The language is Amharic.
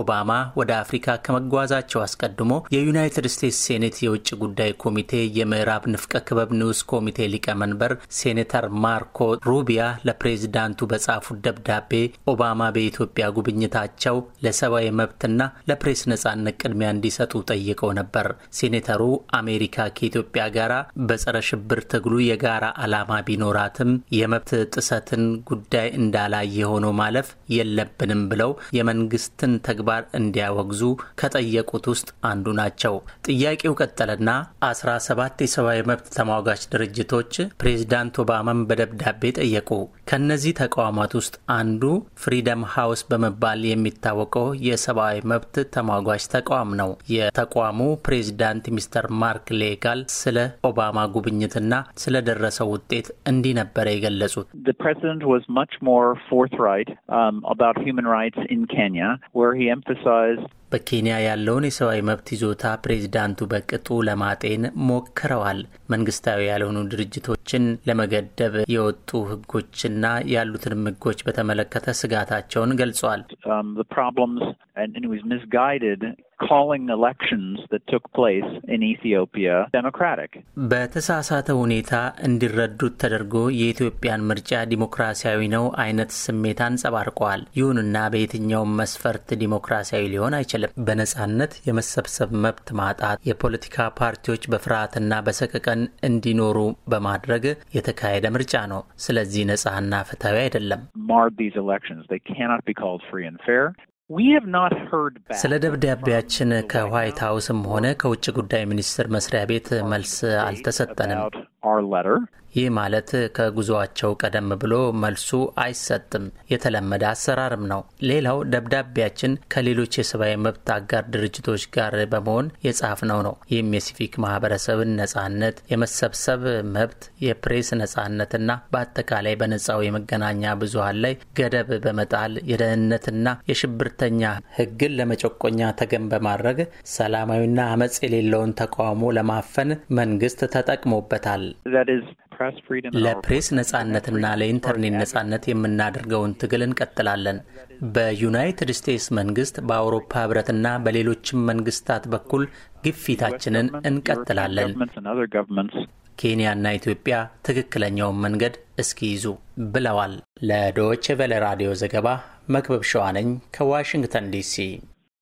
ኦባማ ወደ አፍሪካ ከመጓዛቸው አስቀድሞ የዩናይትድ ስቴትስ ሴኔት የውጭ ጉዳይ ኮሚቴ የምዕራብ ንፍቀ ክበብ ንዑስ ኮሚቴ ሊቀመንበር ሴኔተር ማርኮ ሩቢያ ለፕሬዚዳንቱ በጻፉት ደብዳቤ ኦባማ በኢትዮጵያ ጉብኝታቸው ለሰብአዊ መብትና ለፕሬስ ነጻነት ቅድሚያ እንዲሰጡ ጠይቀው ነበር። ሴኔተሩ አሜሪካ ከኢትዮጵያ ጋር በጸረ ሽብር ትግሉ የጋራ ዓላማ ቢኖራትም የመብት ጥሰትን ጉዳይ እንዳላየ ሆኖ ማለፍ የለብንም ብለው የመንግስትን ተግባ ተግባር እንዲያወግዙ ከጠየቁት ውስጥ አንዱ ናቸው። ጥያቄው ቀጠለና 17 የሰብአዊ መብት ተሟጋች ድርጅቶች ፕሬዝዳንት ኦባማን በደብዳቤ ጠየቁ። ከእነዚህ ተቋማት ውስጥ አንዱ ፍሪደም ሃውስ በመባል የሚታወቀው የሰብአዊ መብት ተሟጋች ተቋም ነው። የተቋሙ ፕሬዝዳንት ሚስተር ማርክ ሌጋል ስለ ኦባማ ጉብኝትና ስለደረሰው ውጤት እንዲህ ነበረ የገለጹት። ፕሬዚደንት was much more forthright um, emphasized በኬንያ ያለውን የሰብአዊ መብት ይዞታ ፕሬዚዳንቱ በቅጡ ለማጤን ሞክረዋል። መንግስታዊ ያልሆኑ ድርጅቶችን ለመገደብ የወጡ ህጎችና ያሉትንም ህጎች በተመለከተ ስጋታቸውን ገልጿል። um, በተሳሳተ ሁኔታ እንዲረዱት ተደርጎ የኢትዮጵያን ምርጫ ዲሞክራሲያዊ ነው አይነት ስሜት አንጸባርቀዋል። ይሁንና በየትኛውም መስፈርት ዲሞክራሲያዊ ሊሆን አይችልም። አይችልም። በነጻነት የመሰብሰብ መብት ማጣት የፖለቲካ ፓርቲዎች በፍርሃትና በሰቀቀን እንዲኖሩ በማድረግ የተካሄደ ምርጫ ነው። ስለዚህ ነጻና ፍትሐዊ አይደለም። ስለ ደብዳቤያችን ከዋይት ሀውስም ሆነ ከውጭ ጉዳይ ሚኒስቴር መስሪያ ቤት መልስ አልተሰጠንም። ይህ ማለት ከጉዞአቸው ቀደም ብሎ መልሱ አይሰጥም። የተለመደ አሰራርም ነው። ሌላው ደብዳቤያችን ከሌሎች የሰብአዊ መብት አጋር ድርጅቶች ጋር በመሆን የጻፍነው ነው። ይህም የሲቪክ ማህበረሰብን ነጻነት፣ የመሰብሰብ መብት፣ የፕሬስ ነጻነትና በአጠቃላይ በነጻው የመገናኛ ብዙሀን ላይ ገደብ በመጣል የደህንነትና የሽብርተኛ ህግን ለመጨቆኛ ተገን በማድረግ ሰላማዊና አመፅ የሌለውን ተቃውሞ ለማፈን መንግስት ተጠቅሞበታል። ለፕሬስ ነጻነትና ለኢንተርኔት ነጻነት የምናደርገውን ትግል እንቀጥላለን። በዩናይትድ ስቴትስ መንግስት፣ በአውሮፓ ህብረትና በሌሎችም መንግስታት በኩል ግፊታችንን እንቀጥላለን። ኬንያና ኢትዮጵያ ትክክለኛውን መንገድ እስኪይዙ ብለዋል። ለዶይቼ ራዲዮ ዘገባ መክበብ ሸዋነኝ ከዋሽንግተን ዲሲ